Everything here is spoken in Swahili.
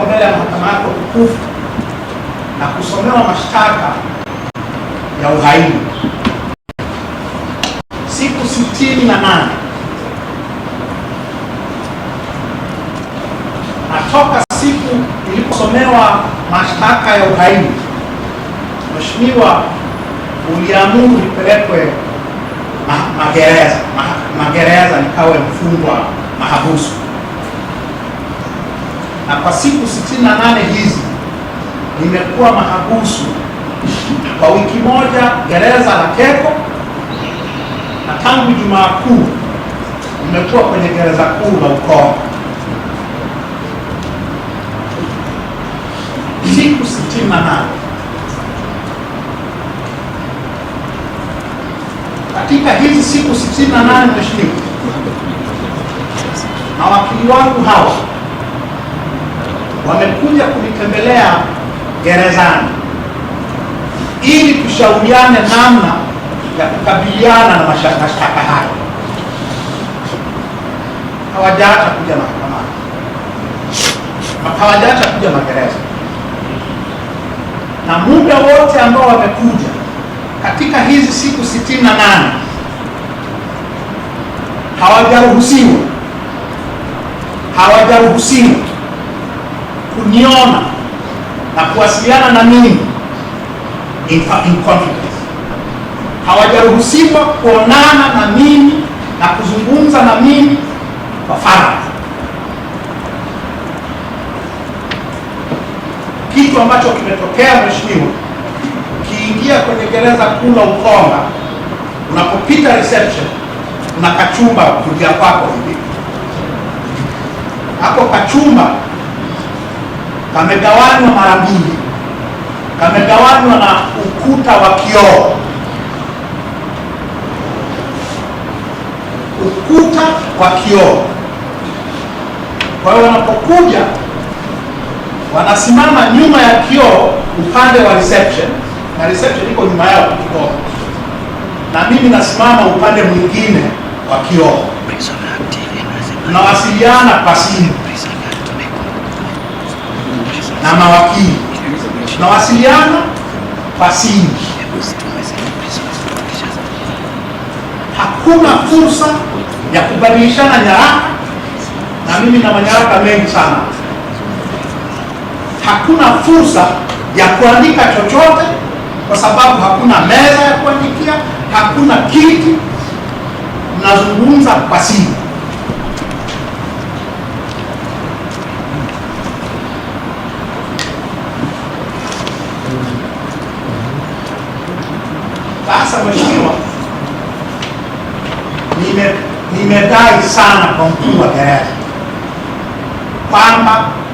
mbele ya mahakama yako tukufu na kusomewa mashtaka ya uhaini siku sitini na nane natoka siku iliposomewa mashtaka ya uhaini, Mheshimiwa, uliamuru nipelekwe magereza magereza nikawe mfungwa mahabusu na kwa siku 68 hizi nimekuwa mahabusu kwa wiki moja gereza la Keko, na tangu Jumaa Kuu nimekuwa kwenye gereza kuu la Ukonga siku 68. Katika hizi siku 68 mheshimiwa, na wakili wangu hawa wamekuja kunitembelea gerezani ili tushauriane namna ya kukabiliana na mashtaka hayo. Hawajaacha kuja mahakamani, hawajaacha kuja magereza, na muda wote ambao wamekuja katika hizi siku sitini na nane hawajaruhusiwa, hawajaruhusiwa kuniona na kuwasiliana na mimi in, confidence. Hawajaruhusiwa kuonana na mimi na kuzungumza na mimi kwa faragha, kitu ambacho kimetokea mheshimiwa. Ukiingia kwenye gereza kuu la Ukonga, unapopita reception, una kachumba kulia kwako hivi hapo kachumba kamegawanywa mara mbili, kamegawanywa na ukuta wa kioo, ukuta wa kioo. Kwa hiyo wanapokuja wanasimama nyuma ya kioo upande wa reception, na reception iko nyuma yao kidogo, na mimi nasimama upande mwingine wa kioo, tunawasiliana kwa simu na mawakili, tunawasiliana pasingi Hakuna fursa ya kubadilishana nyaraka, na mimi na manyaraka mengi sana. Hakuna fursa ya kuandika chochote, kwa sababu hakuna meza ya kuandikia, hakuna kiti, mnazungumza simu Sasa mheshimiwa, nimetai nime sana kwa mkuu wa gereza kwamba